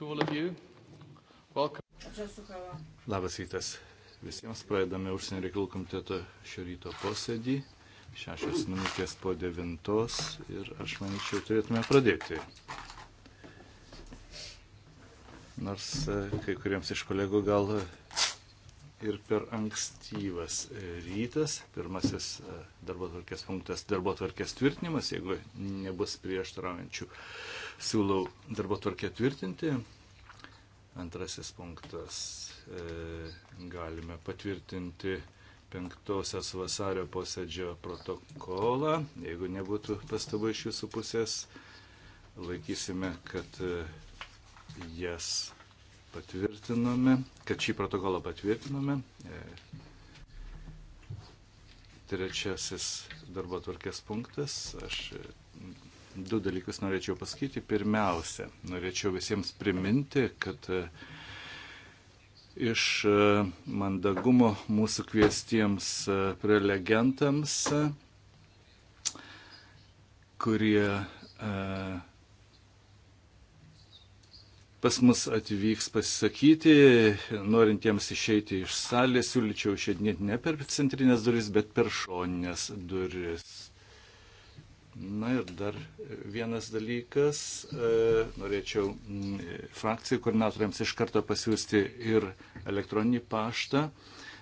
to all of you. Welcome. Labas rytas visiems. Pradedame užsienio reikalų komiteto šio ryto posėdį. Šešios minutės po devintos ir aš manyčiau turėtume pradėti. Nors e, kai kuriems iš kolegų gal ir per ankstyvas e, rytas. Pirmasis e, darbo tvarkės punktas - darbo tvarkės tvirtinimas, jeigu nebus prieštaraujančių Siūlau darbo tvarkę tvirtinti. Antrasis punktas. E, galime patvirtinti penktosios vasario posėdžio protokolą. Jeigu nebūtų pastabų iš jūsų pusės, laikysime, kad e, jas patvirtinome, kad šį protokolą patvirtinome. E, trečiasis darbo tvarkės punktas. Aš du dalykus norėčiau pasakyti. Pirmiausia, norėčiau visiems priminti, kad e, iš e, mandagumo mūsų kviestiems e, prelegentams, kurie pas mus atvyks pasisakyti, norintiems išeiti iš salės, siūlyčiau išeidinėti ne per centrinės duris, bet per šoninės duris. Na ir dar vienas dalykas, e, norėčiau frakcijų koordinatoriams iš karto pasiūsti ir elektroninį paštą.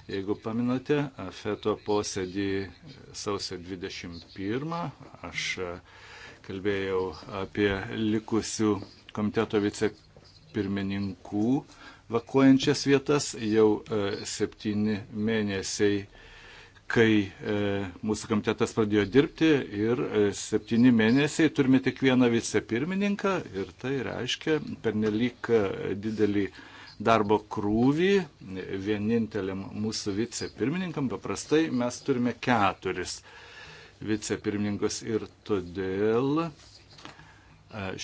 Jeigu paminate, FETO posėdį sausio 21 aš e, kalbėjau apie likusių komiteto vicepirmininkų vakuojančias vietas, jau e, septyni mėnesiai kai e, mūsų komitetas pradėjo dirbti ir e, septyni mėnesiai turime tik vieną vicepirmininką ir tai reiškia pernelyg e, didelį darbo krūvį vieninteliam mūsų vicepirmininkam. Paprastai mes turime keturis vicepirmininkus ir todėl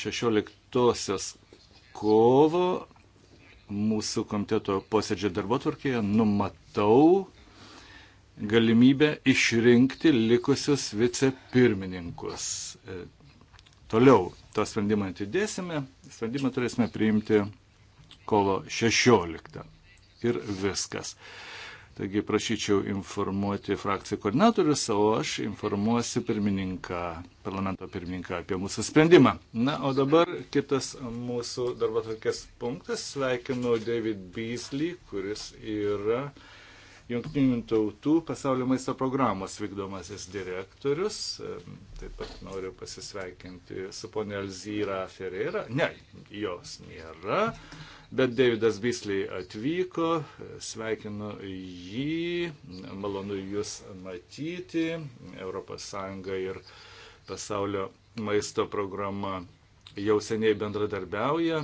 16 kovo mūsų komiteto posėdžio darbo tvarkėje numatau galimybę išrinkti likusius vicepirmininkus. E, toliau tą sprendimą atidėsime, sprendimą turėsime priimti kovo 16. Ir viskas. Taigi prašyčiau informuoti frakcijų koordinatorius, o aš informuosiu pirmininką, parlamento pirmininką apie mūsų sprendimą. Na, o dabar kitas mūsų darbo tvarkės punktas. Sveikinu David Beasley, kuris yra uh, Junktinių tautų pasaulio maisto programos vykdomasis direktorius. Taip pat noriu pasisveikinti su ponė Elzyra Ferreira. Ne, jos nėra, bet Davidas Bisliai atvyko. Sveikinu jį, malonu jūs matyti. ES ir pasaulio maisto programa jau seniai bendradarbiauja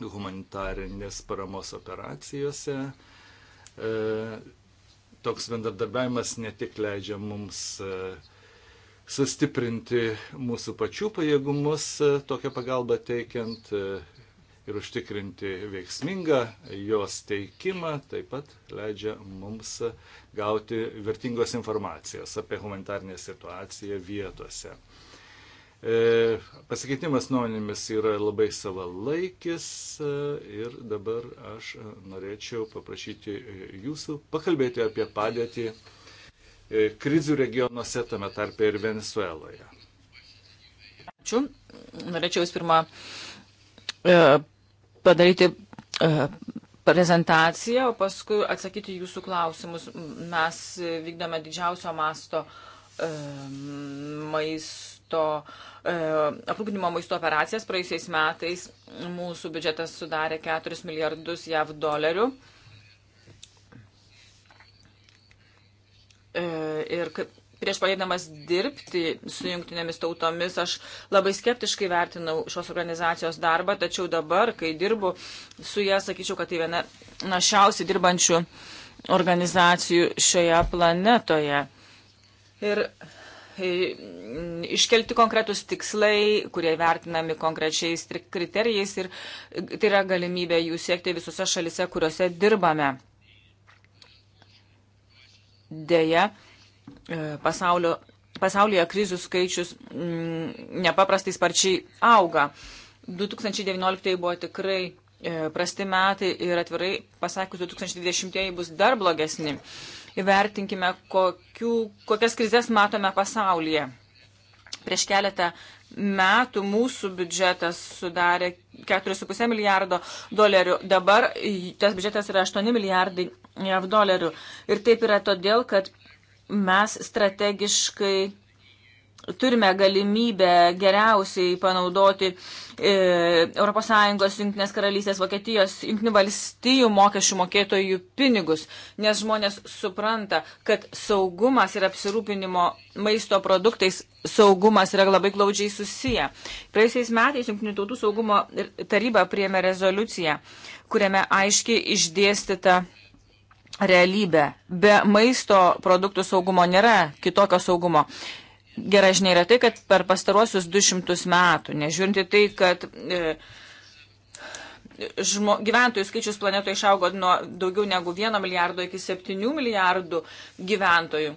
humanitarinės paramos operacijose. E, toks bendradarbiavimas ne tik leidžia mums e, sustiprinti mūsų pačių pajėgumus e, tokią pagalbą teikiant e, ir užtikrinti veiksmingą jos teikimą, taip pat leidžia mums gauti vertingos informacijos apie humanitarnę situaciją vietose. E, pasikeitimas nuomonėmis yra labai savalaikis e, ir dabar aš norėčiau paprašyti e, jūsų pakalbėti apie padėtį krizių regionuose, tame tarpe ir Venezueloje. Ačiū. Norėčiau jūs pirmą padaryti prezentaciją, o paskui atsakyti jūsų klausimus. Mes vykdome didžiausio masto maisto maisto, e, aprūpinimo maisto operacijas. Praėjusiais metais mūsų biudžetas sudarė 4 milijardus JAV dolerių. E, ir kaip prieš pradėdamas dirbti su jungtinėmis tautomis, aš labai skeptiškai vertinau šios organizacijos darbą, tačiau dabar, kai dirbu su jie, sakyčiau, kad tai viena našiausiai dirbančių organizacijų šioje planetoje. Ir E, iškelti konkretus tikslai, kurie vertinami konkrečiais kriterijais ir e, tai yra galimybė jų siekti visose šalise, kuriuose dirbame. Deja, e, pasaulio, pasaulyje krizių skaičius nepaprastai sparčiai auga. 2019 buvo tikrai prasti metai ir atvirai pasakius, 2020 bus dar blogesni įvertinkime, kokių, kokias krizės matome pasaulyje. Prieš keletą metų mūsų biudžetas sudarė 4,5 milijardo dolerių, dabar tas biudžetas yra 8 milijardai jav dolerių. Ir taip yra todėl, kad mes strategiškai turime galimybę geriausiai panaudoti e, ES, Junktinės karalystės, Vokietijos, Junktinių valstijų mokesčių mokėtojų pinigus, nes žmonės supranta, kad saugumas ir apsirūpinimo maisto produktais saugumas yra labai glaudžiai susiję. Praėjusiais metais Junktinių tautų saugumo taryba priėmė rezoliuciją, kuriame aiškiai išdėstyta realybė. Be maisto produktų saugumo nėra kitokio saugumo. Gerai žinia yra tai, kad per pastaruosius 200 metų, nežiūrinti tai, kad e, žmo, gyventojų skaičius planetoje išaugo nuo daugiau negu 1 milijardo iki 7 milijardų gyventojų.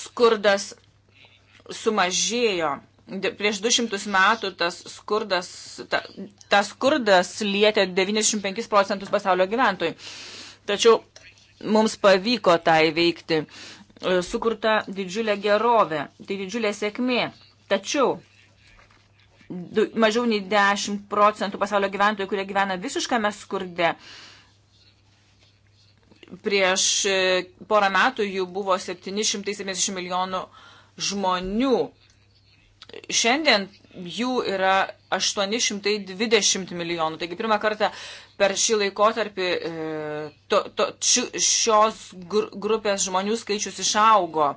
Skurdas sumažėjo. Prieš 200 metų tas skurdas, ta, tas skurdas lietė 95 procentus pasaulio gyventojų. Tačiau mums pavyko tą įveikti. E, sukurta didžiulė gerovė, tai didžiulė sėkmė. Tačiau mažiau nei 10 procentų pasaulio gyventojų, kurie gyvena visiškame skurde, prieš e, porą metų jų buvo 770 milijonų žmonių. Šiandien jų yra 820 milijonų. Taigi pirmą kartą per šį laikotarpį e, to, to, šios grupės žmonių skaičius išaugo.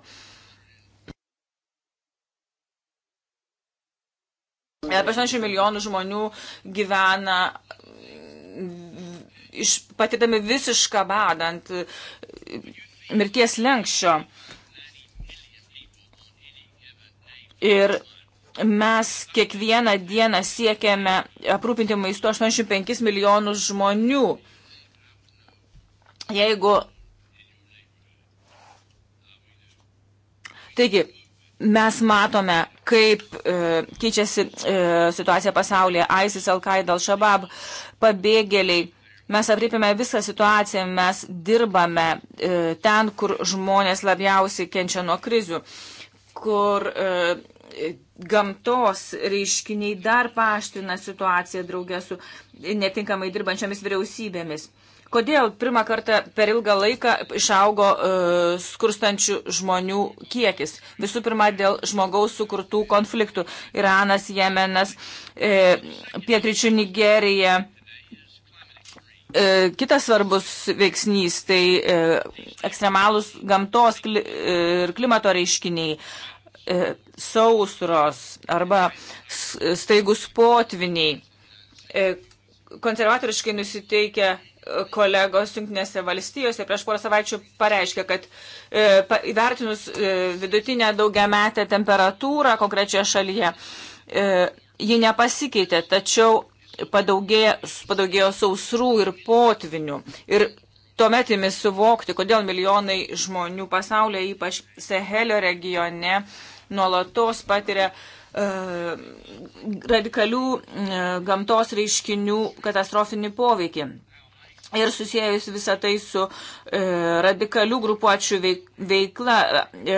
Apie 80 milijonų žmonių gyvena mm, iš, patidami visišką badą ant e, mirties lenkščio. Ir mes kiekvieną dieną siekiame aprūpinti maistu 85 milijonus žmonių. Jeigu. Taigi, mes matome, kaip e, keičiasi e, situacija pasaulyje. ISIS, Al-Qaeda, Al-Shabaab, pabėgėliai. Mes apripime visą situaciją, mes dirbame e, ten, kur žmonės labiausiai kenčia nuo krizių, kur e, gamtos reiškiniai dar paaština situaciją draugę su netinkamai dirbančiamis vyriausybėmis. Kodėl pirmą kartą per ilgą laiką išaugo uh, skurstančių žmonių kiekis? Visų pirma, dėl žmogaus sukurtų konfliktų. Iranas, Jemenas, e, Pietričių Nigerija. E, kitas svarbus veiksnys tai e, ekstremalūs gamtos kli, e, ir klimato reiškiniai. E, sausros arba staigus potviniai. E, konservatoriškai nusiteikę e, kolegos Junktinėse valstijose prieš porą savaičių pareiškė, kad e, pa, įvertinus e, vidutinę daugiametę temperatūrą konkrečioje šalyje, e, ji nepasikeitė, tačiau padaugėjo, padaugėjo sausrų ir potvinių. Ir tuomet įmis suvokti, kodėl milijonai žmonių pasaulyje, ypač Sehelio regione, nuolatos patiria e, radikalių e, gamtos reiškinių katastrofinį poveikį. Ir susijęjus visą tai su e, radikalių grupuočių veik, veikla, e,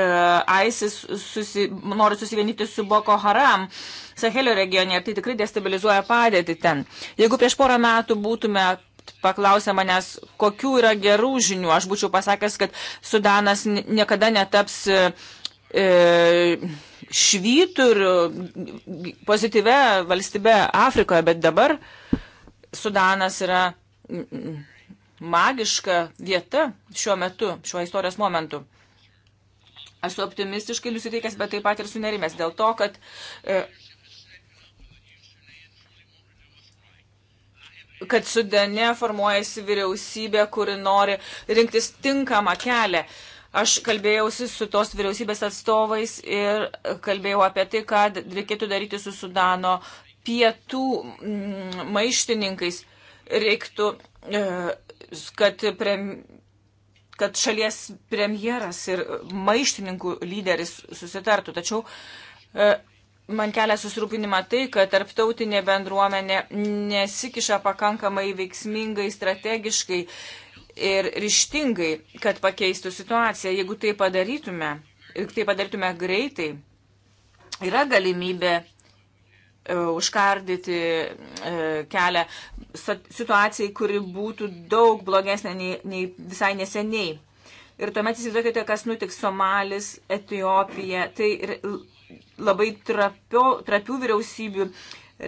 ISIS susi, nori susivienyti su Boko Haram Sahelio regione ir tai tikrai destabilizuoja padėtį ten. Jeigu prieš porą metų būtume paklausė manęs, kokių yra gerų žinių. Aš būčiau pasakęs, kad Sudanas niekada netaps e, e švyturiu pozityvę valstybę Afrikoje, bet dabar Sudanas yra magiška vieta šiuo metu, šiuo istorijos momentu. Esu optimistiškai nusiteikęs, bet taip pat ir sunerimęs dėl to, kad e, kad Sudane formuojasi vyriausybė, kuri nori rinktis tinkamą kelią. Aš kalbėjausi su tos vyriausybės atstovais ir kalbėjau apie tai, ką reikėtų daryti su Sudano pietų mm, maištininkais. Reiktų, e, kad, prem, kad šalies premjeras ir maištininkų lyderis susitartų. Tačiau e, man kelia susirūpinimą tai, kad tarptautinė bendruomenė nesikiša pakankamai veiksmingai, strategiškai ir ryštingai, kad pakeistų situaciją. Jeigu tai padarytume, tai padarytume greitai, yra galimybė e, užkardyti e, kelią situacijai, kuri būtų daug blogesnė nei, nei visai neseniai. Ir tuomet įsivaizduokite, kas nutiks Somalis, Etijopija. Tai labai trapio, trapių vyriausybių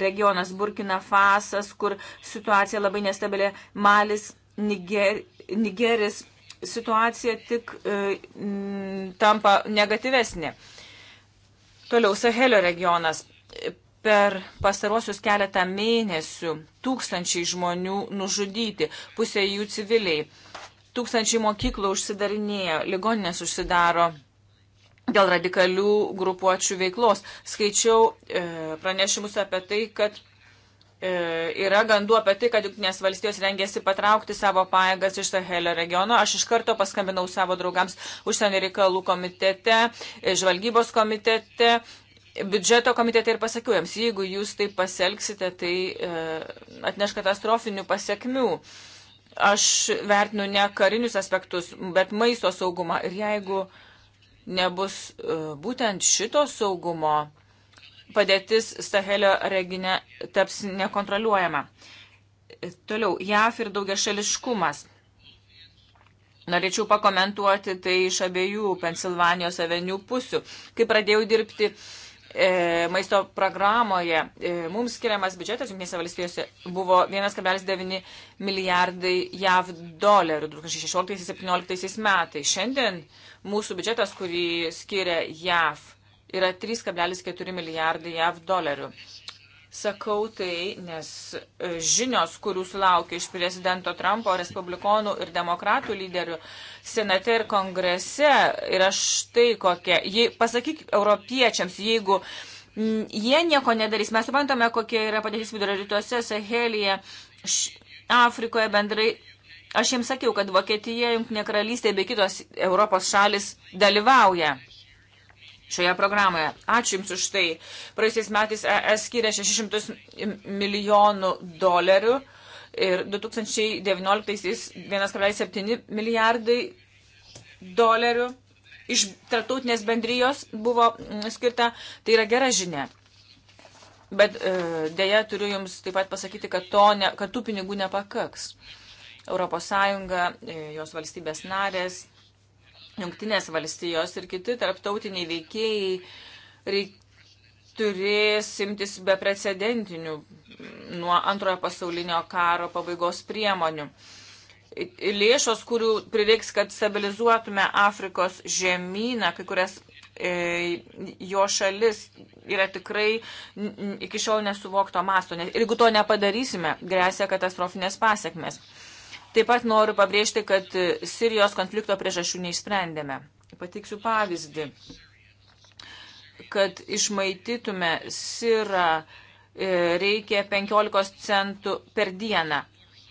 regionas Burkina Fasas, kur situacija labai nestabilė, Malis, Niger, Nigeris, situacija tik e, tampa negatyvesnė. Toliau Sahelio regionas. Per pastarosius keletą mėnesių tūkstančiai žmonių nužudyti, pusė jų civiliai. Tūkstančiai mokyklų užsidarinėjo, ligoninės užsidaro, dėl radikalių grupuočių veiklos. Skaičiau e, pranešimus apie tai, kad e, yra gandų apie tai, kad Junktinės valstijos rengėsi patraukti savo paėgas iš Sahelio regiono. Aš iš karto paskambinau savo draugams užsienio reikalų komitete, e, žvalgybos komitete, biudžeto komitete ir pasakiau jiems, jeigu jūs taip pasielgsite, tai e, atneš katastrofinių pasiekmių. Aš vertinu ne karinius aspektus, bet maisto saugumą. Ir jeigu e, nebus e, būtent šito saugumo, padėtis Sahelio regione taps nekontroliuojama. E, toliau, JAF ir daugia šališkumas. Norėčiau pakomentuoti tai iš abiejų Pensilvanijos avenių pusių. Kai pradėjau dirbti E, maisto programoje e, mums skiriamas biudžetas Junktinėse valstijose buvo 1,9 milijardai JAV dolerių 2016-2017 metais. Šiandien mūsų biudžetas, kurį skiria JAV, yra 3,4 milijardai JAV dolerių. Sakau tai, nes e, žinios, kurių sulaukia iš prezidento Trumpo, respublikonų ir demokratų lyderių senate ir kongrese, yra štai kokia. Jei, pasakyk europiečiams, jeigu jie nieko nedarys, mes suprantame, kokia yra padėtis vidurio rytuose, Sahelėje, Afrikoje bendrai. Aš jiems sakiau, kad Vokietija, Junktinė karalystė bei kitos Europos šalis dalyvauja šioje programoje. Ačiū Jums už tai. Praėjusiais metais ES skiria 600 milijonų dolerių ir 2019 1,7 milijardai dolerių iš tartautinės bendrijos buvo mm, skirta. Tai yra gera žinia. Bet e, dėja turiu Jums taip pat pasakyti, kad, to ne, kad tų pinigų nepakaks. ES, e, jos valstybės narės Junktinės valstijos ir kiti tarptautiniai veikėjai reik, turės imtis beprecedentinių nuo antrojo pasaulinio karo pabaigos priemonių. Lėšos, kurių prireiks, kad stabilizuotume Afrikos žemyną, kai kurias e, jo šalis yra tikrai iki šiol nesuvokto masto. Ir jeigu to nepadarysime, grėsia katastrofinės pasiekmes. Taip pat noriu pabrėžti, kad Sirijos konflikto priežasčių neišsprendėme. Pateiksiu pavyzdį, kad išmaitytume sirą e, reikia 15 centų per dieną.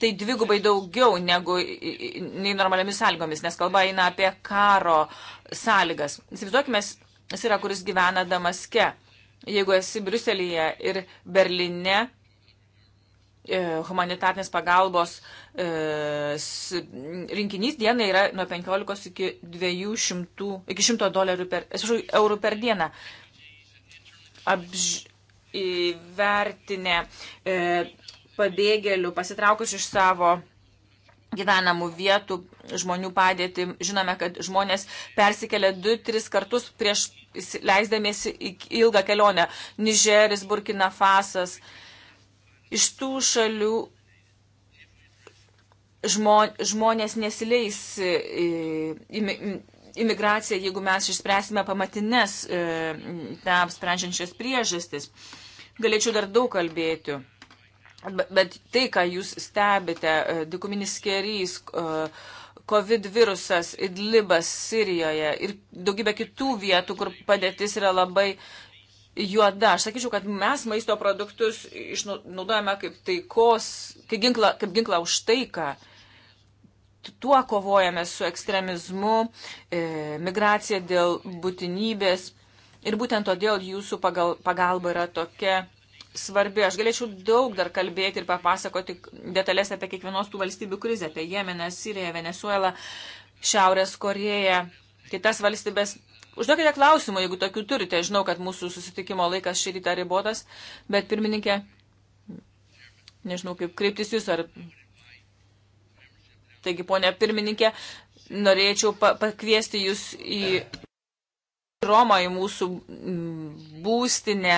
Tai dvigubai daugiau negu nei normaliomis sąlygomis, nes kalba eina apie karo sąlygas. Įsivaizduokime, jis yra, kuris gyvena Damaske. Jeigu esi Briuselėje ir Berline, E, humanitarnės pagalbos e, rinkinys dienai yra nuo 15 iki 200, iki 100 dolerių per, esu, eurų per dieną. Apž, įvertinę e, pabėgėlių pasitraukus iš savo gyvenamų vietų žmonių padėtį. Žinome, kad žmonės persikelia 2-3 kartus prieš leisdamiesi į ilgą kelionę. Nigeris, Burkina Fasas. E, iš tų šalių žmonės nesileis imigraciją, jeigu mes išspręsime pamatinės e, tam sprendžiančias priežastis. Galėčiau dar daug kalbėti. Bet tai, ką jūs stebite, e, dikuminis kerys, e, COVID virusas, Idlibas Sirijoje ir daugybė kitų vietų, kur padėtis yra labai juoda. Aš sakyčiau, kad mes maisto produktus išnaudojame kaip taikos, kaip ginklą, kaip ginklą už taiką. Tuo kovojame su ekstremizmu, e, migracija dėl būtinybės. Ir būtent todėl jūsų pagal, pagalba yra tokia svarbi. Aš galėčiau daug dar kalbėti ir papasakoti detalės apie kiekvienos tų valstybių krizę, apie Jemeną, Siriją, Venezuelą, Šiaurės Koreją, kitas valstybės Užduokite klausimų, jeigu tokių turite. Žinau, kad mūsų susitikimo laikas šį rytą ribotas, bet pirmininkė, nežinau, kaip kreiptis jūs ar. Taigi, ponia pirmininkė, norėčiau pa pakviesti jūs į Romą, į mūsų mm, būstinę,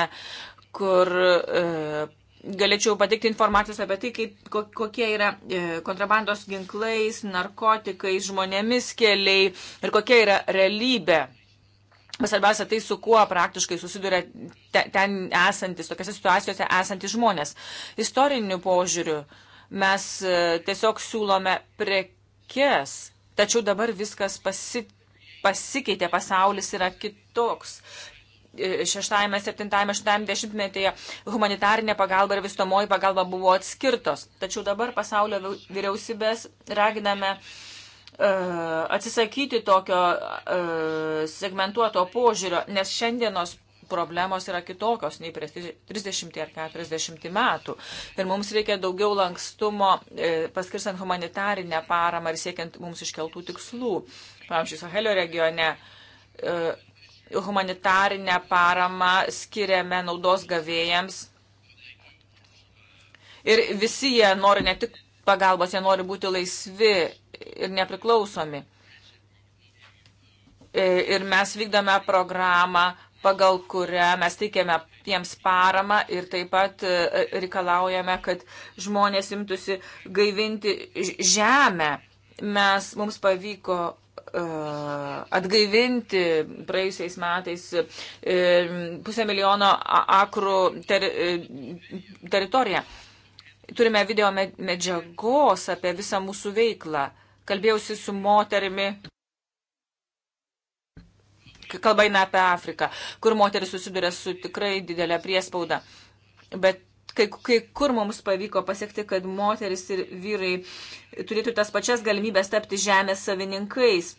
kur e, galėčiau patikti informacijos apie tai, kaip, kokie yra e, kontrabandos ginklais, narkotikais, žmonėmis keliai ir kokia yra realybė. Svarbiausia tai, su kuo praktiškai susiduria te, ten esantis, tokiose situacijose esantis žmonės. Istoriniu požiūriu mes e, tiesiog siūlome prekes, tačiau dabar viskas pasi, pasikeitė, pasaulis yra kitoks. 6, 7, 8 dešimtmetyje humanitarinė pagalba ir vystomoji pagalba buvo atskirtos. Tačiau dabar pasaulio vyriausybės raginame uh, E, atsisakyti tokio e, segmentuoto požiūrio, nes šiandienos problemos yra kitokios nei prieš 30 ar 40 metų. Ir mums reikia daugiau lankstumo e, paskirstant humanitarinę paramą ir siekiant mums iškeltų tikslų. Pavyzdžiui, Sahelio regione humanitarinę paramą skiriame naudos gavėjams. Ir visi jie nori ne tik pagalbos, jie nori būti laisvi ir nepriklausomi. E, ir mes vykdome programą, pagal kurią mes teikiame jiems paramą ir taip pat e, reikalaujame, kad žmonės imtųsi gaivinti žemę. Mes, mums pavyko e, atgaivinti praėjusiais metais pusę milijono akrų ter, teritoriją. Turime video medžiagos apie visą mūsų veiklą kalbėjausi su moterimi, kalba eina apie Afriką, kur moteris susiduria su tikrai didelė priespauda. Bet kai, kai kur mums pavyko pasiekti, kad moteris ir vyrai turėtų tas pačias galimybės tapti žemės savininkais.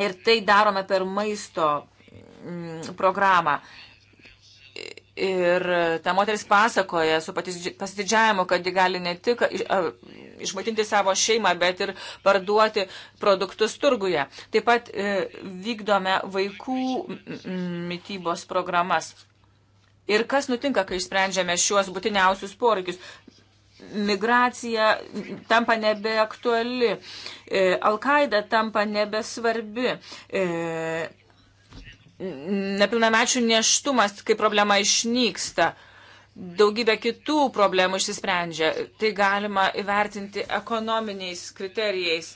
Ir tai darome per maisto mm, programą. Ir ta moteris pasakoja su pasididžiavimu, kad ji gali ne tik išmaitinti savo šeimą, bet ir parduoti produktus turguje. Taip pat e, vykdome vaikų mytybos programas. Ir kas nutinka, kai išsprendžiame šiuos būtiniausius poreikius? Migracija tampa nebeaktuali, e, Al-Qaida tampa nebesvarbi e, nepilnamečių neštumas kaip problema išnyksta. Daugybė kitų problemų išsisprendžia. Tai galima įvertinti ekonominiais kriterijais.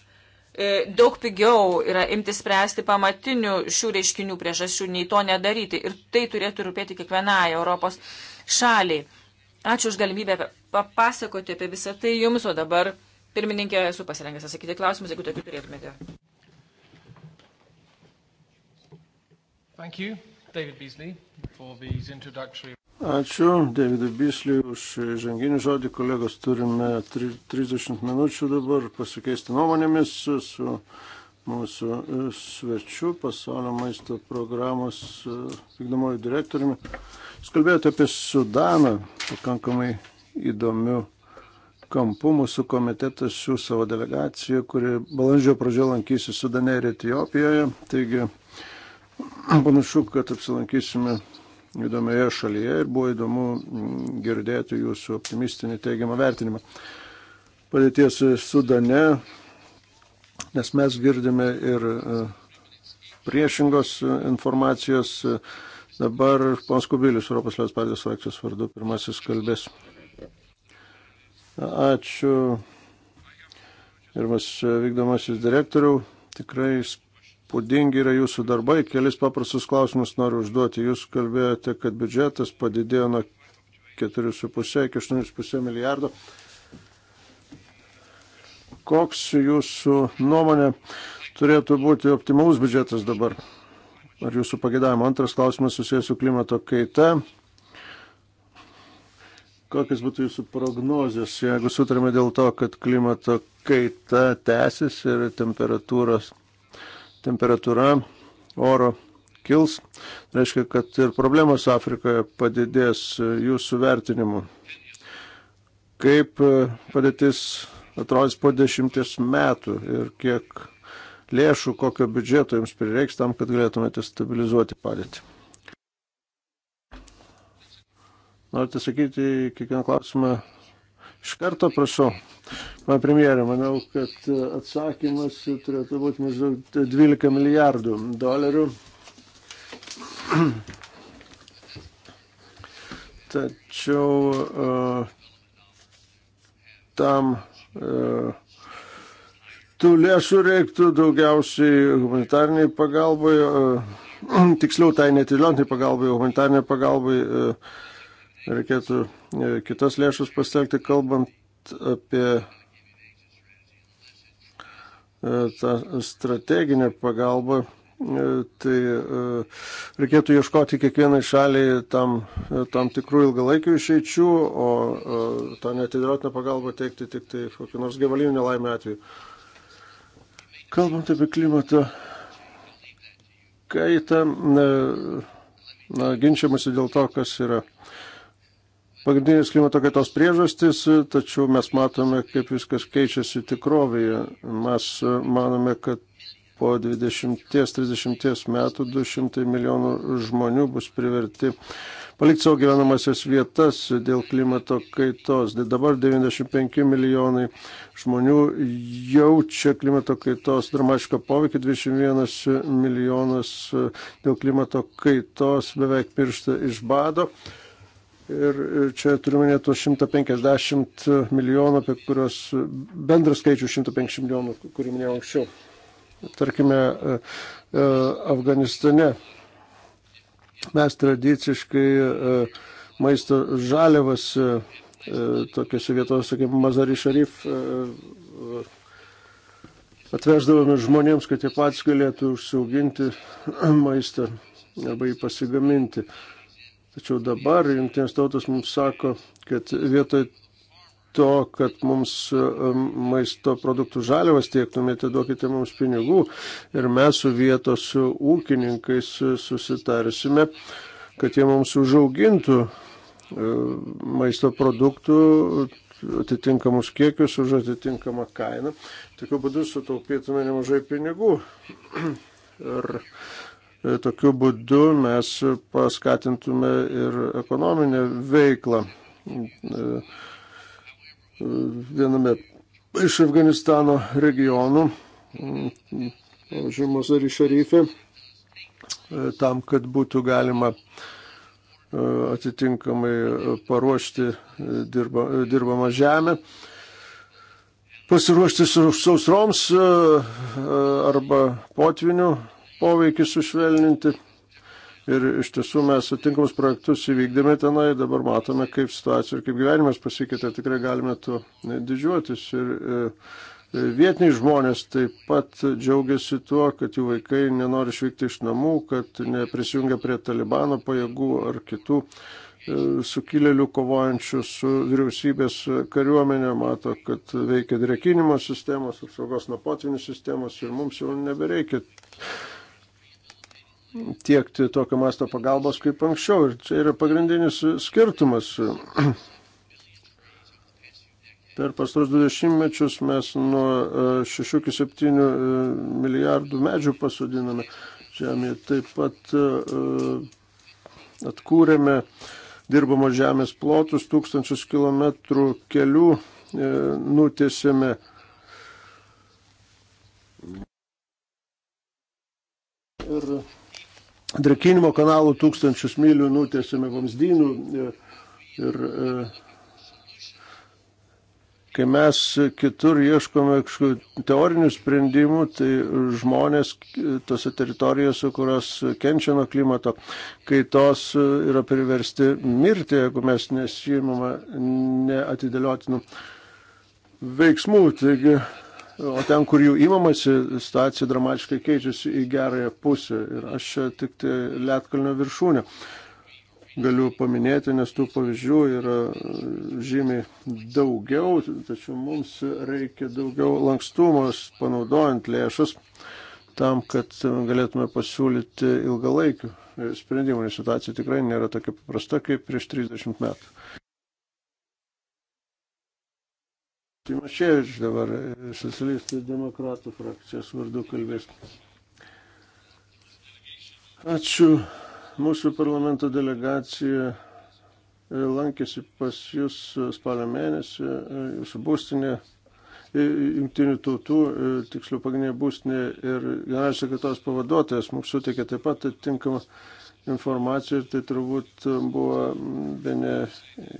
E, daug pigiau yra imti spręsti pamatinių šių reiškinių priežasčių, nei to nedaryti. Ir tai turėtų rūpėti kiekvienai Europos šaliai. Ačiū už galimybę papasakoti apie visą tai jums, o dabar, pirmininkė, esu pasirengęs atsakyti klausimus, jeigu tokių turėtumėte. Thank you, David Beasley, for these introductory. Ačiū, Davidai Bisliui, už žanginį žodį. Kolegos, turime 30 minučių dabar pasikeisti nuomonėmis su mūsų e, svečiu, pasaulio maisto programos e, vykdomoju direktoriumi. Jūs kalbėjote apie Sudaną, pakankamai įdomių kampų. Mūsų komitetas siūs savo delegaciją, kuri balandžio pradžioje lankysi Sudane ir Etijopijoje. Taigi, Panašu, kad apsilankysime įdomioje šalyje ir buvo įdomu mm, girdėti jūsų optimistinį teigiamą vertinimą. Padėties Sudane, nes mes girdime ir e, priešingos e, informacijos. Dabar pons Kubilius, Europos Liaudės partijos frakcijos vardu, pirmasis kalbės. Ačiū. Pirmas vykdomasis direktoriau, tikrai Pudingi yra jūsų darbai. Kelis paprastus klausimus noriu užduoti. Jūs kalbėjote, kad biudžetas padidėjo nuo 4,5 iki 8,5 milijardo. Koks jūsų nuomonė turėtų būti optimalus biudžetas dabar? Ar jūsų pagėdavimo? Antras klausimas susijęs su klimato kaita. Kokias būtų jūsų prognozijas, jeigu sutarime dėl to, kad klimato kaita tęsis ir temperatūros temperatūra oro kils, reiškia, kad ir problemos Afrikoje padidės e, jūsų vertinimu. Kaip e, padėtis atrodys po dešimties metų ir kiek lėšų, kokio biudžeto jums prireiks tam, kad galėtumėte stabilizuoti padėtį? Norite sakyti kiekvieną klausimą Iš karto prašau, pana premjerė, manau, kad atsakymas turėtų būti maždaug 12 milijardų dolerių. Tačiau e, tam e, tų lėšų reiktų daugiausiai humanitarniai pagalbai, e, tiksliau tai netiliontai pagalbai, humanitarniai pagalbai. pagalbai reikėtų e, kitas lėšas pasiekti, kalbant apie e, tą strateginę pagalbą, e, tai reikėtų ieškoti kiekvienai šaliai tam, tam tikrų ilgalaikių išeičių, o tą netidirotinę pagalbą teikti tik tai kokį nors gyvalinių nelaimę atveju. Kalbant apie klimato kaitą, na, ginčiamasi dėl to, kas yra uh, pagrindinės klimato kaitos priežastis, tačiau mes matome, kaip viskas keičiasi tikrovėje. Mes manome, kad po 20-30 metų 200 milijonų žmonių bus priverti palikti savo gyvenamasias vietas dėl klimato kaitos. Dabar 95 milijonai žmonių jaučia klimato kaitos dramatišką poveikį, 21 milijonas dėl klimato kaitos beveik piršta iš bado. Ir čia turime net tuos 150 milijonų, apie kuriuos bendras skaičius 150 milijonų, kurį minėjau anksčiau. Tarkime, e, e, Afganistane mes tradiciškai e, maisto žaliavas tokiuose vietose kaip Mazari Šarif atveždavome žmonėms, kad jie patys galėtų užsiauginti maistą arba jį pasigaminti. Tačiau dabar jungtinės tautos mums sako, kad vietoj to, kad mums um, maisto produktų žaliavas tiektumėte, duokite mums pinigų ir mes su vietos su ūkininkais susitarsime, kad jie mums užaugintų uh, maisto produktų atitinkamus kiekius už atitinkamą kainą. Tokiu būdu sutaupytume nemažai pinigų. ir E, tokiu būdu mes paskatintume ir ekonominę veiklą. E, viename iš Afganistano regionų, pavyzdžiui, Mozari Šarifė, e, tam, kad būtų galima atitinkamai paruošti dirba, dirbamą žemę, pasiruošti sausroms arba potvinių poveikį sušvelninti. Ir iš tiesų mes sutinkamus projektus įvykdėme tenai, dabar matome, kaip situacija ir kaip gyvenimas pasikeitė, tikrai galime tuo didžiuotis. Ir e, vietiniai žmonės taip pat džiaugiasi tuo, kad jų vaikai nenori išvykti iš namų, kad neprisijungia prie talibano pajėgų ar kitų e, sukilėlių kovojančių su vyriausybės kariuomenė, mato, kad veikia drekinimo sistemos, apsaugos nuo potvinių sistemos ir mums jau nebereikia tiekti tokio masto pagalbos kaip anksčiau. Ir čia yra pagrindinis skirtumas. Per pastarus 20 mečius mes nuo 6 e, iki 7 e, milijardų medžių pasodiname žemėje. Taip pat e, atkūrėme dirbamos žemės plotus, tūkstančius kilometrų kelių nutėsėme. Ir drekinimo kanalų tūkstančius mylių nutėsime vamzdynų ir, ir e, kai mes kitur ieškome kažkokių teorinių sprendimų, tai žmonės tose teritorijose, kurios kenčia nuo klimato kaitos, yra priversti mirti, jeigu mes nesijimame neatidėliotinų veiksmų. Taigi O ten, kur jų įmamasi, situacija dramatiškai keičiasi į gerąją pusę. Ir aš čia tik tai Lietkalnio viršūnę galiu paminėti, nes tų pavyzdžių yra žymiai daugiau, tačiau mums reikia daugiau lankstumos panaudojant lėšas tam, kad galėtume pasiūlyti ilgalaikių sprendimų, nes situacija tikrai nėra tokia paprasta kaip prieš 30 metų. Timoševič dabar socialistų ir demokratų frakcijos vardu kalbės. Ačiū. Mūsų parlamento delegacija э, lankėsi pas jūs э, spalio mėnesį, э, jūsų būstinė, jungtinių tautų, e, tiksliau pagrindinė būstinė ir generalinis sekretorius pavaduotojas mums suteikė taip pat atitinkamą informacija ir tai turbūt buvo bene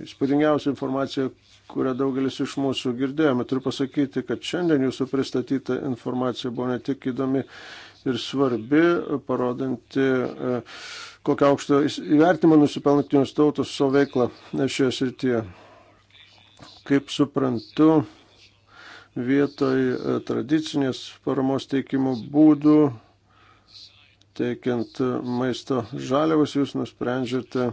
įspūdingiausia informacija, kurią daugelis iš mūsų girdėjome. Turiu pasakyti, kad šiandien jūsų pristatyta informacija buvo ne tik įdomi ir svarbi, parodanti, e, kokią aukštą įvertimą nusipelno jungtinės tautos savo veiklą šioje srityje. Kaip suprantu, vietoj e, tradicinės paramos teikimo būdų teikiant maisto žaliavas, jūs nusprendžiate e,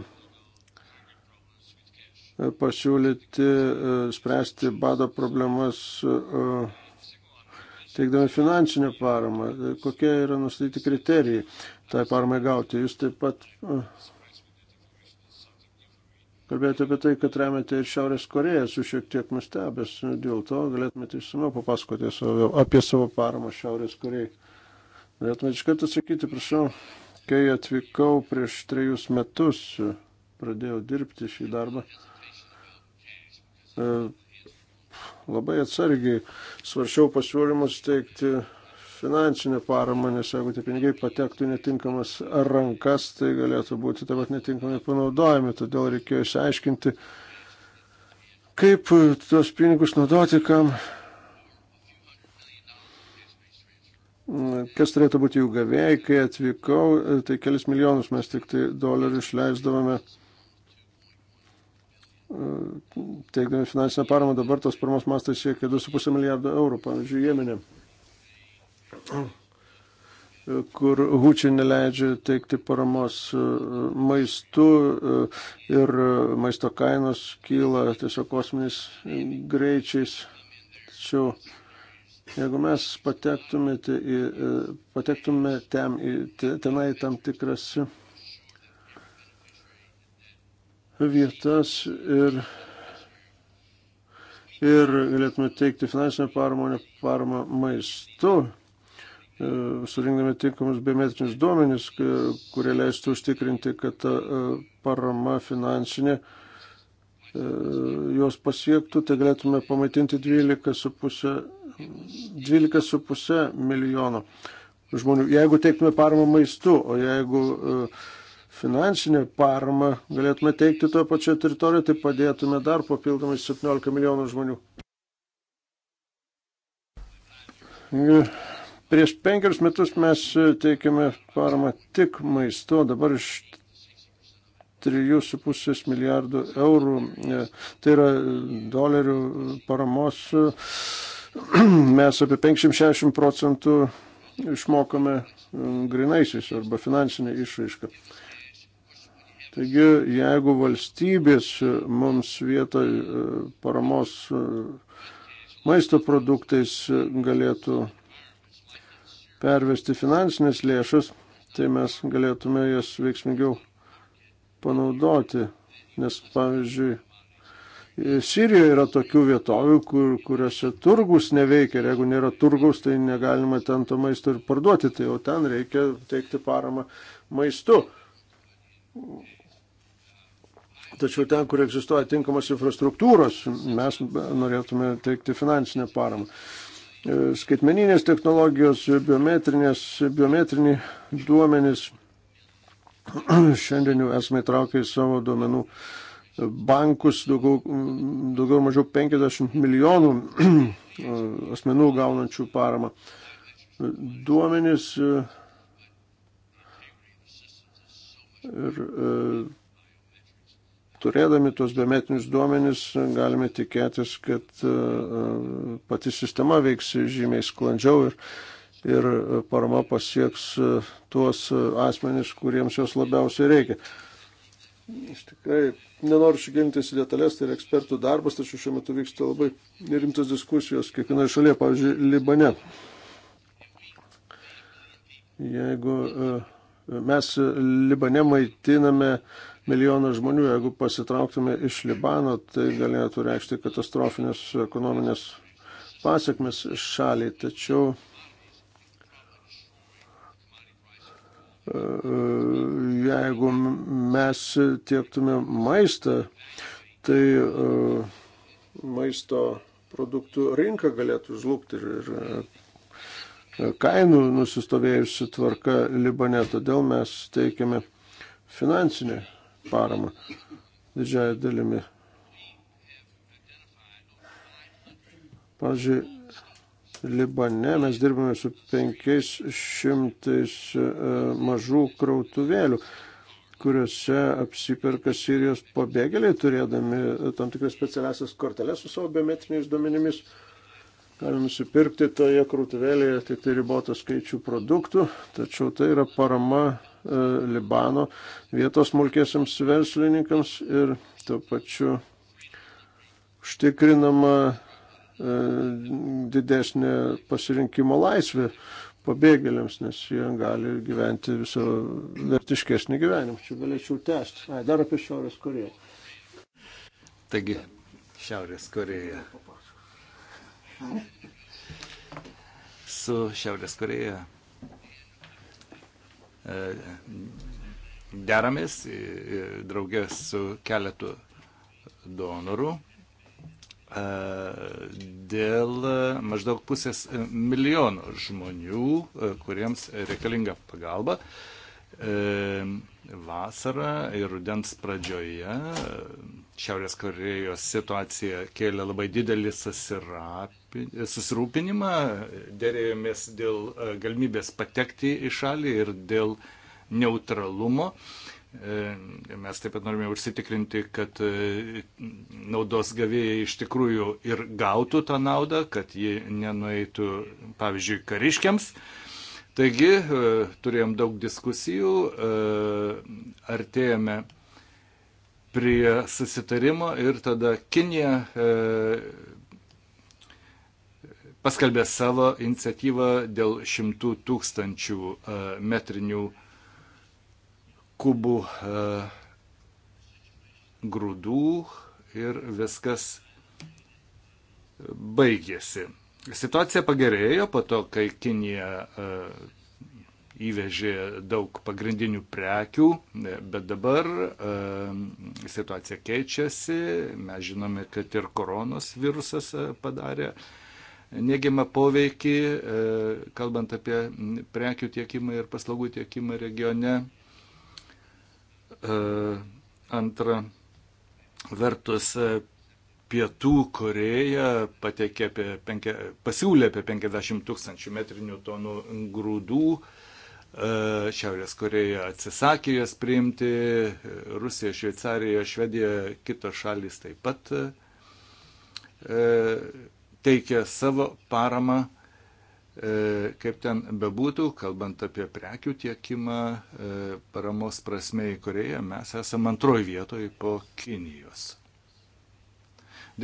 pasiūlyti e, spręsti bado problemas e, teikdami finansinę paramą. Kokie yra nustatyti kriterijai tai paramai gauti? Jūs taip pat kalbėjote apie tai, kad remiate ir Šiaurės Koreją, esu šiek tiek nustebęs dėl to, galėtumėte išsamiau papasakoti savo, apie savo paramą Šiaurės Korejai. Norėtumėte iš karto sakyti, prašau, kai atvykau prieš trejus metus, pradėjau dirbti šį darbą, e, labai atsargiai svaršiau pasiūlymus teikti finansinę paramą, nes jeigu tie pinigai patektų netinkamas rankas, tai galėtų būti taip pat netinkamai panaudojami, todėl reikėjo išsiaiškinti, kaip tuos pinigus naudoti, kam kas turėtų būti jų gavėjai, kai atvykau, tai kelis milijonus mes tik tai dolerių išleisdavome teikdami finansinę paramą, dabar tos pirmos mastas siekia 2,5 milijardo eurų, pavyzdžiui, Jemenė, kur hučiai neleidžia teikti paramos maistu ir maisto kainos kyla tiesiog kosminiais greičiais. Tačiau Jeigu mes patektumėte į, e, patektume ten, tenai tam tikras vietas ir, ir galėtume teikti finansinę paramą, ne paramą maistu, e, surinkdami tinkamus biometrinius duomenis, kurie leistų užtikrinti, kad ta e, parama finansinė jos pasiektų, tai galėtume pamaitinti 12,5 12,5 milijono žmonių. Jeigu teiktume paramą maistu, o jeigu e, finansinę paramą galėtume teikti toje pačioje teritorijoje, tai padėtume dar papildomai 17 milijonų žmonių. E, prieš penkerius metus mes teikėme paramą tik maistu, dabar iš 3,5 milijardų eurų, e, tai yra dolerių paramos mes apie 50-60 procentų išmokame mm, grinaisiais arba finansinė išraiška. Taigi, jeigu valstybės mums vietoj mm, paramos mm, maisto produktais galėtų pervesti finansinės lėšas, tai mes galėtume jas veiksmingiau panaudoti. Nes, pavyzdžiui, Sirijoje yra tokių vietovių, kur, kuriuose turgus neveikia ir jeigu nėra turgus, tai negalima ten to maisto ir parduoti, tai jau ten reikia teikti paramą maistu. Tačiau ten, kur egzistuoja tinkamas infrastruktūros, mes norėtume teikti finansinę paramą. E, skaitmeninės technologijos, biometriniai duomenys šiandien jau esame įtraukę į savo duomenų bankus daugiau, daugiau mažiau 50 milijonų e, asmenų gaunančių paramą. Duomenys e, ir e, turėdami tos biometrinius duomenys galime tikėtis, kad pati sistema veiks žymiai sklandžiau ir, ir parama pasieks tuos asmenys, kuriems jos labiausiai reikia. Iš tikrai nenoriu šigilintis į detalės, tai yra ekspertų darbas, tačiau šiuo metu vyksta labai rimtos diskusijos kiekvienoje šalyje, pavyzdžiui, Libane. Jeigu e, mes Libane maitiname milijoną žmonių, jeigu pasitrauktume iš Libano, tai galėtų reikšti katastrofinės ekonominės pasiekmes šaliai. Tačiau e, e, jeigu mes tiektume maistą, tai e, maisto produktų rinka galėtų žlugti ir e, kainų nusistovėjusi tvarka Libane, todėl mes teikiame finansinę paramą didžiąją dalimi. Pavyzdžiui, Libane mes dirbame su 500 e, mažų krautuvėlių, kuriuose apsiperka Sirijos pabėgėliai, turėdami tam tikras specialiasias korteles su savo biometriniais duomenimis. Galime nusipirkti toje krautuvėlėje tik tai ribotą skaičių produktų, tačiau tai yra parama e, Libano vietos smulkėsiams verslininkams ir tuo pačiu užtikrinama E, didesnė pasirinkimo laisvė pabėgėliams, nes jie gali gyventi viso vertiškesnį gyvenimą. Čia galėčiau tęsti. Ai, dar apie Šiaurės Koreją. Taigi, Šiaurės Koreja. Su Šiaurės Koreja e, deramės draugės su keletu donorų e, dėl e, maždaug pusės e, milijono žmonių, e, kuriems reikalinga pagalba. Vasarą ir rudens pradžioje Šiaurės Korejos situacija kėlė labai didelį susirūpinimą, dėrėjomės dėl galimybės patekti į šalį ir dėl neutralumo. Uh, E, mes taip pat norime užsitikrinti, kad e, naudos gavėjai iš tikrųjų ir gautų tą naudą, kad ji nenueitų, pavyzdžiui, kariškiams. Taigi, e, turėjom daug diskusijų, artėjame prie susitarimo ir tada Kinija paskelbė savo iniciatyvą dėl šimtų tūkstančių metrinių kubų kubų e, grūdų ir viskas baigėsi. Situacija pagerėjo po to, kai Kinija e, įvežė daug pagrindinių prekių, bet dabar e, situacija keičiasi. Mes žinome, kad ir koronos virusas padarė neigiamą poveikį, kalbant apie prekių tiekimą ir paslaugų tiekimą regione. E, antra vertus, e, Pietų Koreja patekė apie penkia, pasiūlė apie 50 tūkstančių metrinių tonų grūdų. E, Šiaurės Koreja atsisakė jas priimti, Rusija, Šveicarija, Švedija, kitos šalis taip pat teikia savo paramą E, kaip ten bebūtų, kalbant apie prekių tiekimą, e, paramos prasme į Koreją mes esame antroji vietoje po Kinijos.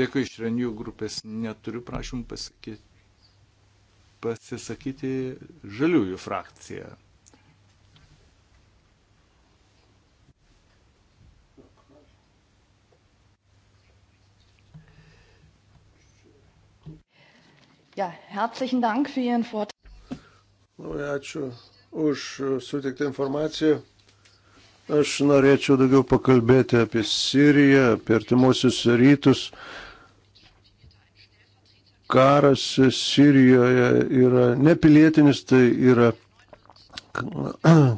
Dėkui iš Renijų grupės, neturiu prašymų pasakyti, pasisakyti žaliųjų frakciją. Ja, herzlichen Dank für Ihren Vortrag. Labai ačiū už suteiktą informaciją. Aš norėčiau daugiau pakalbėti apie Siriją, apie artimuosius rytus. Karas Sirijoje yra nepilietinis, tai yra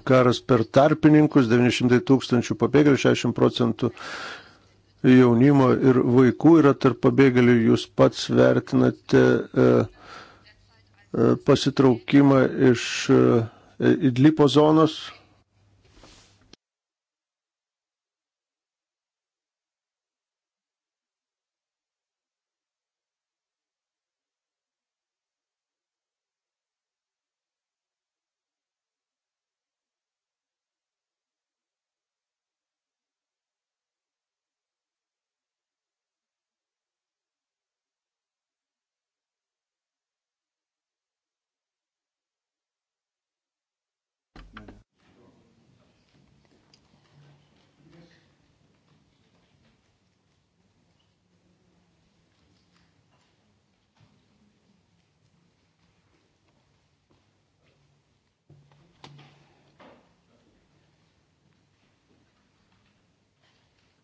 karas per tarpininkus, 900 tūkstančių pabėgėlių, 60 procentų jaunimo ir vaikų yra tarp pabėgėlių. Jūs pats vertinate e, e, pasitraukimą iš e, Idlipo zonos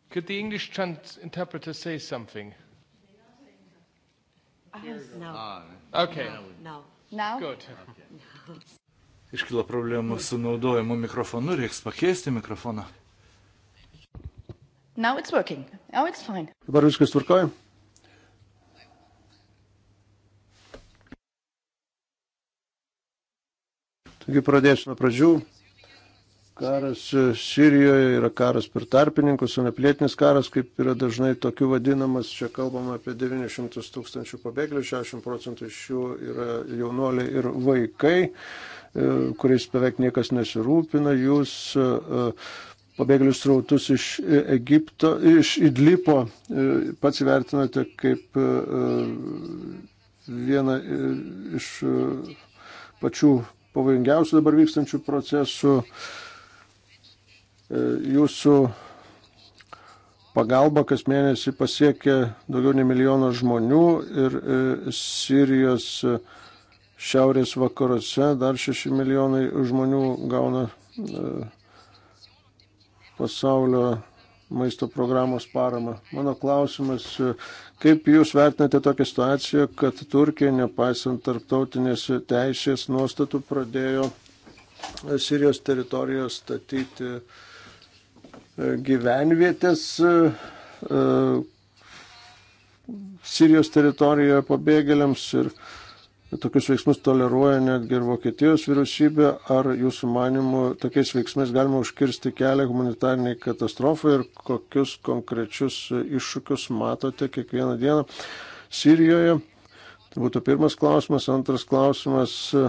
Could the English trans- interpreter say something? Uh, no. Okay. No. No. Good. No. Iškilo problemų su naudojimu mikrofonu, reiks pakeisti mikrofoną. Now it's working. Now it's fine. Dabar viskas tvarkoja? Taigi pradėsiu nuo pradžių. Karas e, Sirijoje yra karas per tarpininkus, o ne plėtinis karas, kaip yra dažnai tokiu vadinamas. Čia kalbama apie 900 tūkstančių pabėgėlių, 60 procentų iš jų yra jaunuoliai ir vaikai, e, kuriais beveik niekas nesirūpina. Jūs e, pabėgėlių srautus iš Egipto, iš Idlipo pats įvertinote kaip vieną iš pačių pavojingiausių dabar vykstančių procesų. E, jūsų pagalba kas mėnesį pasiekia daugiau nei milijoną žmonių ir e, Sirijos e, šiaurės vakaruose dar 6 milijonai žmonių gauna pasaulio maisto programos paramą. Mano klausimas, kaip Jūs vertinate tokią situaciją, kad Turkija, nepaisant tarptautinės teisės nuostatų, pradėjo Sirijos teritorijoje statyti uh, gyvenvietės e, e, Sirijos teritorijoje pabėgėliams ir tokius veiksmus toleruoja netgi ir Vokietijos vyriausybė. Ar jūsų manimu tokiais veiksmais galima užkirsti kelią humanitarniai katastrofai ir kokius konkrečius iššūkius matote kiekvieną dieną Sirijoje? Tai būtų pirmas klausimas. Antras klausimas. E,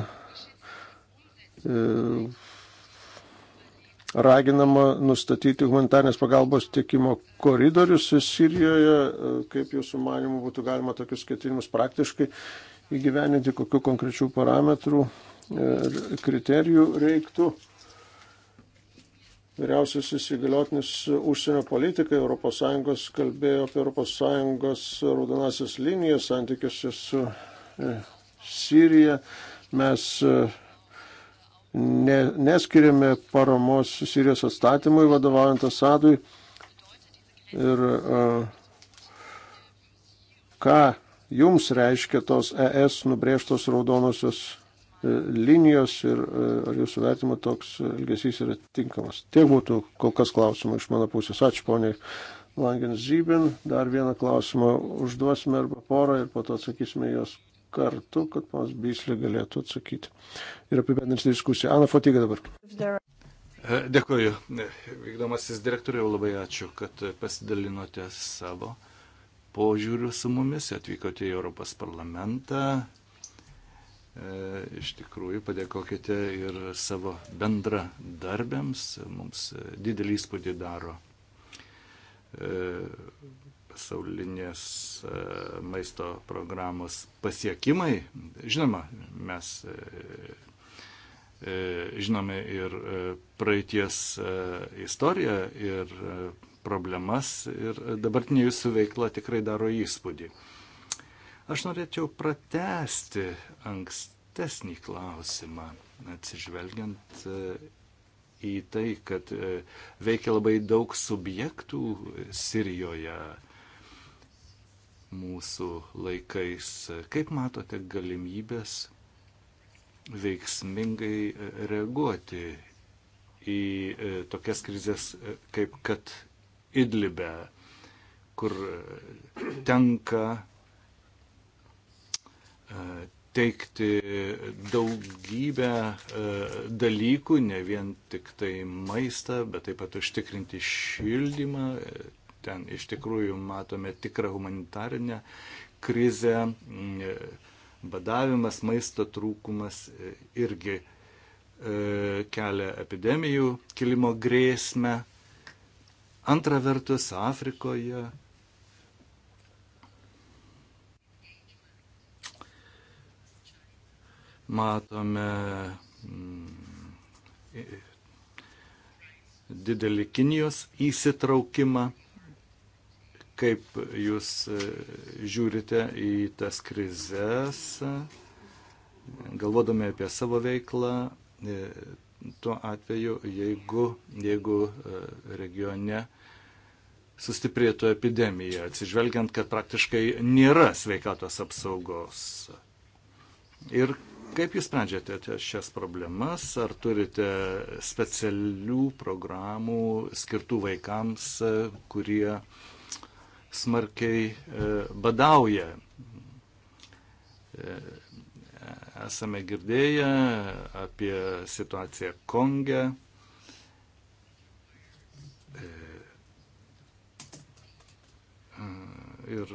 raginama nustatyti humanitarnės pagalbos tiekimo koridorius Sirijoje. Kaip jūsų manimų būtų galima tokius ketinimus praktiškai įgyveninti, kokiu konkrečių parametrų ir kriterijų reiktų. Vyriausiasis įgaliotinis užsienio politikai ES kalbėjo apie ES raudonasis linijas santykiuose su e, Sirija. Mes e, ne, neskiriame paramos Sirijos atstatymui, vadovaujant Asadui. Ir e, ką jums reiškia tos ES nubrėžtos raudonosios e, linijos ir e, ar jūsų vertimo toks elgesys yra tinkamas. Tiek būtų kol kas klausimų iš mano pusės. Ačiū poniai Langen Zybin. Dar vieną klausimą užduosime arba porą ir po to atsakysime jos kartu, kad pas Byslė galėtų atsakyti ir apibendrinti diskusiją. Ana Fotiga dabar. E, Dėkuoju. E, vykdomasis direktoriau, labai ačiū, kad pasidalinote savo požiūriu su mumis, atvykote į Europos parlamentą. E, iš tikrųjų, padėkokite ir savo bendra darbėms. Mums didelį įspūdį daro pasaulinės e, maisto programos pasiekimai. Žinoma, mes e, e, žinome ir praeities istoriją, ir problemas, ir dabartinė jūsų veikla tikrai daro įspūdį. Aš norėčiau pratesti ankstesnį klausimą, atsižvelgiant į tai, kad veikia labai daug subjektų Sirijoje mūsų laikais. Kaip matote galimybės veiksmingai e, reaguoti į e, tokias krizės e, kaip kad Idlibe, kur tenka teikti daugybę dalykų, ne vien tik tai maistą, bet taip pat užtikrinti šildymą, Ten iš tikrųjų matome tikrą humanitarinę krizę, mm, badavimas, maisto trūkumas e, irgi e, kelia epidemijų kilimo grėsmę. Antra vertus, Afrikoje matome mm, didelį Kinijos įsitraukimą kaip jūs e, žiūrite į tas krizės, galvodami apie savo veiklą, e, tuo atveju, jeigu, jeigu e, regione sustiprėtų epidemija, atsižvelgiant, kad praktiškai nėra sveikatos apsaugos. Ir kaip jūs sprendžiate šias problemas? Ar turite specialių programų skirtų vaikams, kurie smarkiai e, badauja. E, esame girdėję apie situaciją Konge. E, ir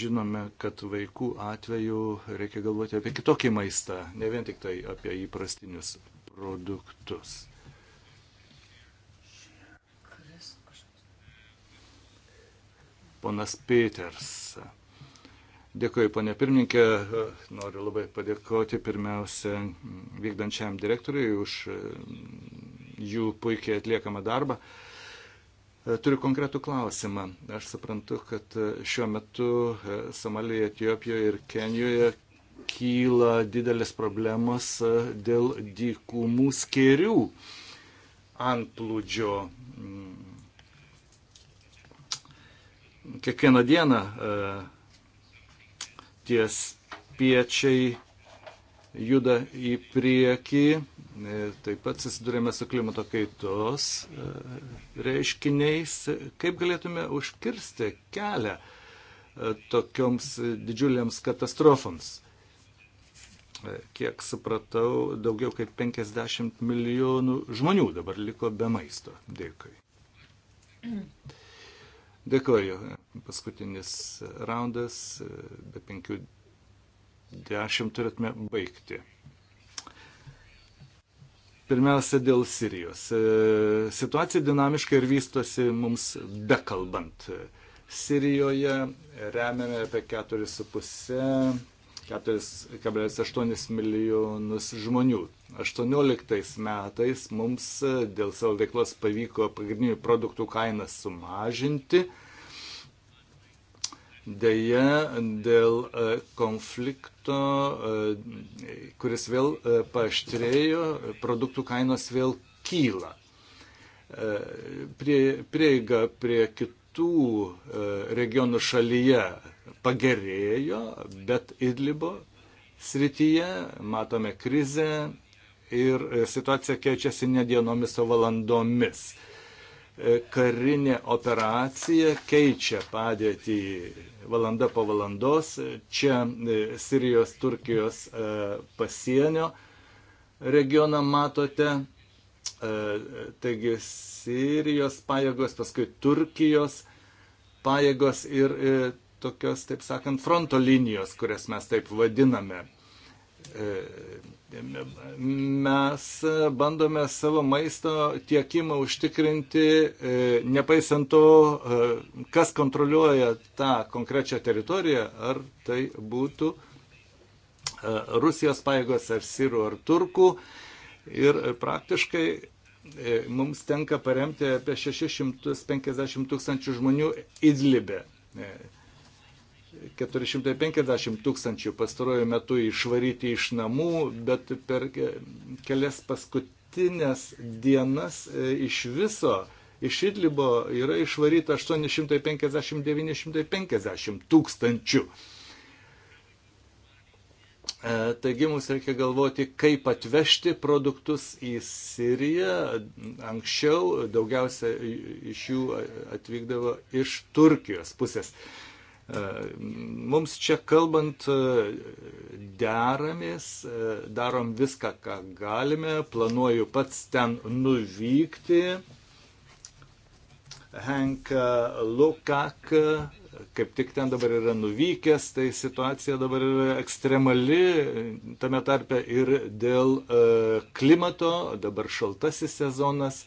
žinome, kad vaikų atveju reikia galvoti apie kitokį maistą, ne vien tik tai apie įprastinius produktus. ponas Peters. Dėkuoju, ponė pirmininkė. Noriu labai padėkoti pirmiausia vykdančiam direktoriui už mm, jų puikiai atliekamą darbą. Turiu konkretų klausimą. Aš suprantu, kad šiuo metu e, Somalijoje, Etijopijoje ir Kenijoje kyla didelės problemos e, dėl dykumų skėrių antplūdžio. Mm, kiekvieną dieną e, tie spiečiai juda į priekį. E, taip pat susidurėme su klimato kaitos e, reiškiniais. Kaip galėtume užkirsti kelią tokioms didžiuliams katastrofams? Kiek supratau, daugiau kaip 50 milijonų žmonių dabar liko be maisto. Dėkui. Mm. Dėkoju paskutinis raundas, be 50 turėtume baigti. Pirmiausia, dėl Sirijos. Situacija dinamiškai ir vystosi mums bekalbant. Sirijoje remiame apie 4,5 4,8 milijonus žmonių. 18 metais mums dėl savo veiklos pavyko pagrindinių produktų kainas sumažinti Deja, dėl e, konflikto, e, kuris vėl e, paštrėjo, produktų kainos vėl kyla. Prie, prieiga prie kitų regionų šalyje pagerėjo, bet Idlibo srityje matome krizę ir situacija keičiasi ne dienomis, o valandomis. E, karinė operacija keičia padėtį valanda po valandos čia e, Sirijos Turkijos e, pasienio regioną matote. Taigi Sirijos pajėgos, paskui Turkijos pajėgos ir tokios, taip sakant, fronto linijos, kurias mes taip vadiname mes bandome savo maisto tiekimą užtikrinti, e, nepaisant to, e, kas kontroliuoja tą konkrečią teritoriją, ar tai būtų e, Rusijos paėgos, ar sirų, ar turkų. Ir praktiškai mums tenka paremti apie 650 tūkstančių žmonių Idlibe. 450 tūkstančių pastarojų metų išvaryti iš namų, bet per kelias paskutinės dienas e, iš viso iš Idlibo yra išvaryta 850-950 tūkstančių. E, taigi mums reikia galvoti, kaip atvežti produktus į Siriją. Anksčiau daugiausia iš jų atvykdavo iš Turkijos pusės. Ehm, mums čia kalbant ehm, deramės, ehm, darom viską, ką galime, planuoju pats ten nuvykti. Henk Lukak kaip tik ten dabar yra nuvykęs, tai situacija dabar yra ekstremali, tame tarpe ir dėl klimato, dabar šaltasis sezonas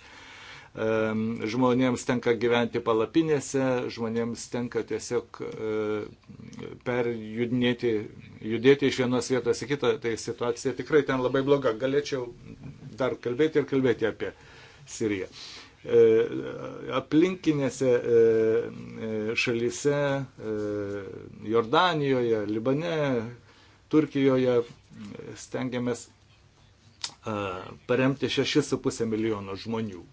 žmonėms tenka gyventi palapinėse, žmonėms tenka tiesiog e, perjudinėti, judėti iš vienos vietos į kitą, tai situacija tikrai ten labai bloga. Galėčiau dar kalbėti ir kalbėti apie Siriją. E, aplinkinėse e, šalyse, Jordanijoje, Libane, Turkijoje stengiamės paremti 6,5 milijono žmonių.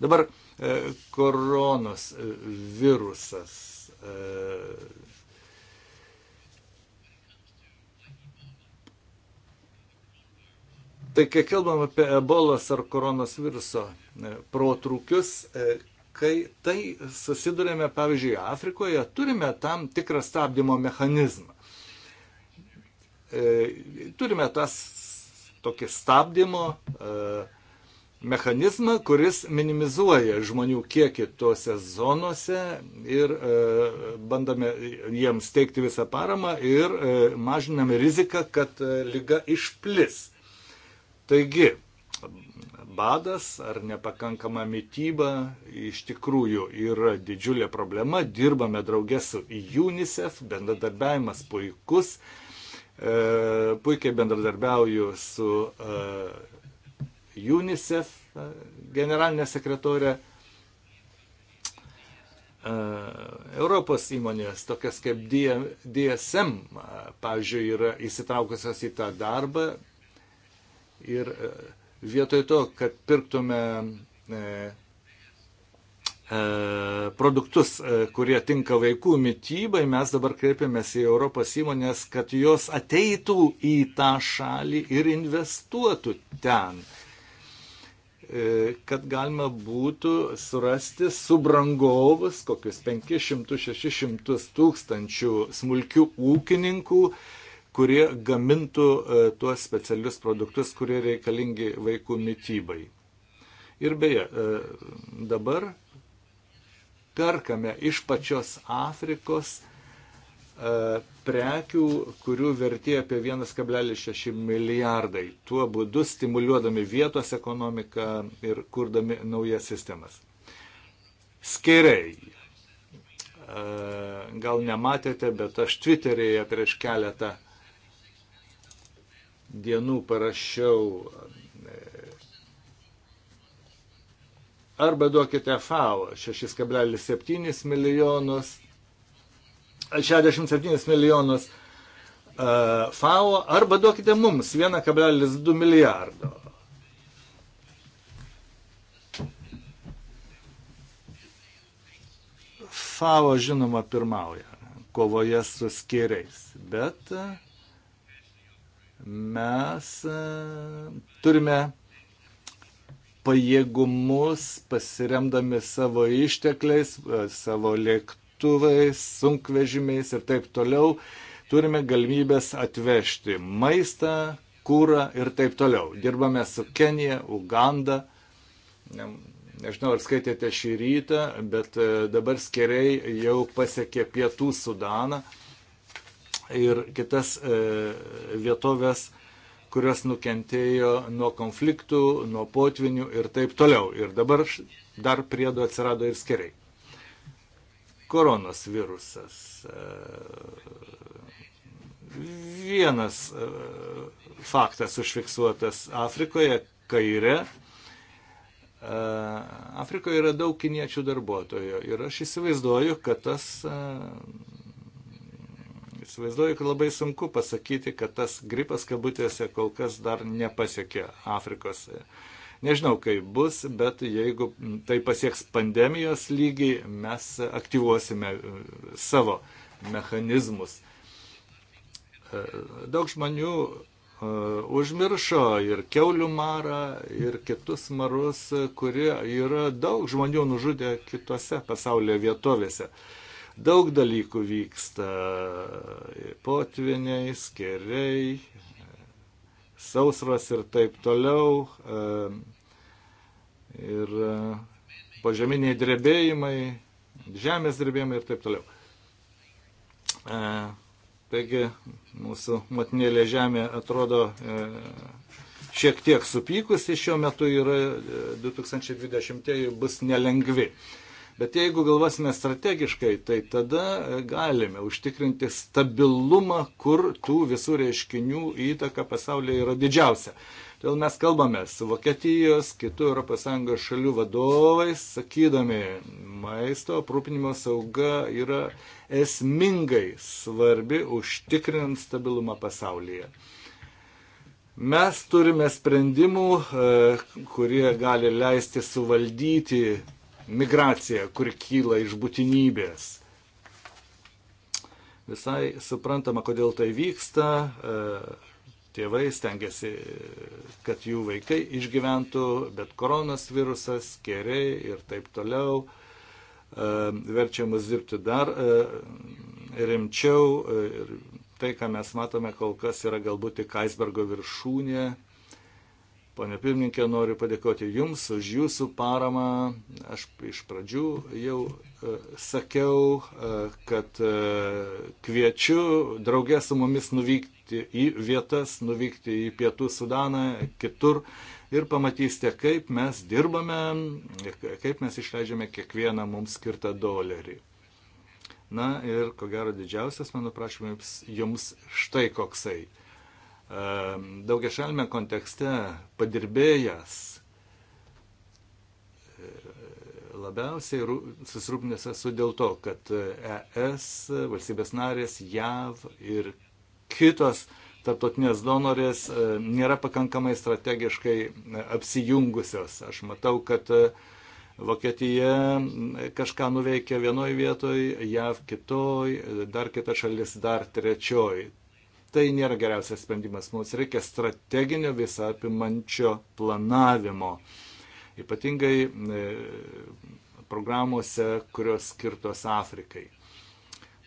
Dabar e, koronos e, virusas. E, tai kai kalbam apie ebolos ar koronos viruso protrukius, kai tai susidurėme, pavyzdžiui, Afrikoje, turime tam tikrą stabdymo mechanizmą turime tas tokį stabdymo mechanizmą, kuris minimizuoja žmonių kiekį tuose zonose ir e, bandome jiems teikti visą paramą ir e, mažiname riziką, kad e, lyga išplis. Taigi, badas ar nepakankama mytyba iš tikrųjų yra didžiulė problema. Dirbame draugės su UNICEF, bendradarbiavimas puikus. E, puikiai bendradarbiauju su e, UNICEF e, generalinę sekretorę. E, Europos įmonės, tokias kaip DSM, e, pavyzdžiui, yra įsitraukusios į tą darbą ir vietoj to, kad pirktume produktus, kurie tinka vaikų mytybai, mes dabar kreipiamės į Europos įmonės, kad jos ateitų į tą šalį ir investuotų ten. Uh, E, kad galima būtų surasti subrangovus, kokius 500-600 tūkstančių smulkių ūkininkų, kurie gamintų e, tuos specialius produktus, kurie reikalingi vaikų mytybai. Ir beje, e, dabar perkame iš pačios Afrikos prekių, kurių vertė apie 1,6 milijardai. Tuo būdu stimuliuodami vietos ekonomiką ir kurdami naujas sistemas. Skiriai. E, gal nematėte, bet aš Twitter'yje prieš keletą dienų parašiau. E, arba duokite FAO 6,7 milijonus 67 milijonus e, FAO arba duokite mums 1,2 milijardo. FAO žinoma pirmauja kovoje su skėriais, bet mes e, turime pajėgumus, pasiremdami savo ištekliais, e, savo lėktuvais, lėktuvais, sunkvežimiais ir taip toliau turime galimybės atvežti maistą, kūrą ir taip toliau. Dirbame su Kenija, Uganda. Nežinau, ar skaitėte šį rytą, bet e, dabar skeriai jau pasiekė pietų Sudaną ir kitas e, vietovės, kurios nukentėjo nuo konfliktų, nuo potvinių ir taip toliau. Ir dabar dar priedo atsirado ir skeriai koronos virusas. E, vienas e, faktas užfiksuotas Afrikoje, kaire. E, Afrikoje yra daug kiniečių darbuotojų ir aš įsivaizduoju, kad tas Įsivaizduoju, kad labai sunku pasakyti, kad tas gripas kabutėse kol kas dar nepasiekė Afrikos Nežinau, kaip bus, bet jeigu tai pasieks pandemijos lygį, mes aktyvuosime e, savo mechanizmus. E, daug žmonių e, užmiršo ir keulių marą, ir kitus marus, kurie yra daug žmonių nužudę kitose pasaulio vietovėse. Daug dalykų vyksta - potviniai, skeriai, sausros ir taip toliau. Ir e, požeminiai drebėjimai, žemės drebėjimai ir taip toliau. E, taigi mūsų motinėlė žemė atrodo e, šiek tiek supykusi šiuo metu yra 2020 bus nelengvi. Bet jeigu galvosime strategiškai, tai tada galime užtikrinti stabilumą, kur tų visų reiškinių įtaka pasaulyje yra didžiausia. Todėl mes kalbame su Vokietijos, kitų ES šalių vadovais, sakydami, maisto aprūpinimo sauga yra esmingai svarbi užtikrinant stabilumą pasaulyje. Mes turime sprendimų, e, kurie gali leisti suvaldyti migracija, kur kyla iš būtinybės. Visai suprantama, kodėl tai vyksta. E, tėvai stengiasi, kad jų vaikai išgyventų, bet koronas virusas, keriai ir taip toliau e, verčiamas dirbti dar e, rimčiau. Ir tai, ką mes matome kol kas, yra galbūt tik aisbergo viršūnė Pone pirmininkė, noriu padėkoti Jums už Jūsų paramą. Aš iš pradžių jau e, sakiau, e, kad e, kviečiu draugė su mumis nuvykti į vietas, nuvykti į Pietų Sudaną, kitur ir pamatysite, kaip mes dirbame, kaip mes išleidžiame kiekvieną mums skirtą dolerį. Na ir ko gero didžiausias mano prašymas Jums štai koksai daugia šalme kontekste padirbėjęs e, labiausiai susirūpinęs esu dėl to, kad ES, valstybės narės, JAV ir kitos tarptautinės donorės e, nėra pakankamai strategiškai e, apsijungusios. Aš matau, kad Vokietija kažką nuveikė vienoje vietoje, JAV kitoj, dar kita šalis dar trečioj. Tai nėra geriausias sprendimas. Mums reikia strateginio visapimančio planavimo. Ypatingai e, programuose, kurios skirtos Afrikai.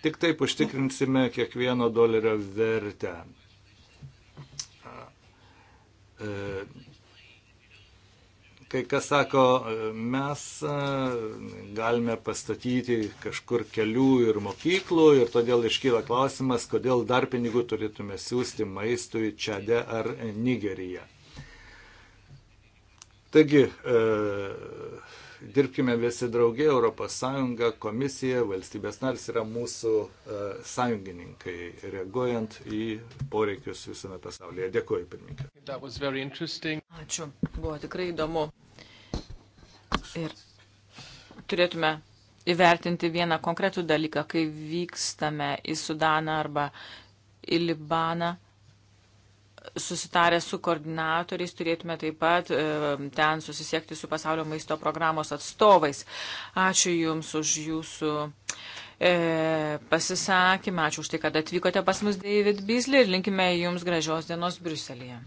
Tik taip užtikrinsime kiekvieno dolerio vertę e, Kai kas sako, mes e, galime pastatyti kažkur kelių ir mokyklų ir todėl iškyla klausimas, kodėl dar pinigų turėtume siūsti maistui Čade ar Nigeriją. Taigi, e, dirbkime visi draugė, ES, komisija, valstybės narys yra mūsų e, sąjungininkai, reaguojant į poreikius visame pasaulyje. Dėkuoju, pirmininkė. Ačiū, buvo tikrai įdomu. Ir turėtume įvertinti vieną konkretų dalyką, kai vykstame į Sudaną arba į Libaną. Susitarę su koordinatoriais turėtume taip pat e, ten susisiekti su pasaulio maisto programos atstovais. Ačiū Jums už Jūsų e, pasisakymą, ačiū už tai, kad atvykote pas mus David Beasley ir linkime Jums gražios dienos Briuselėje.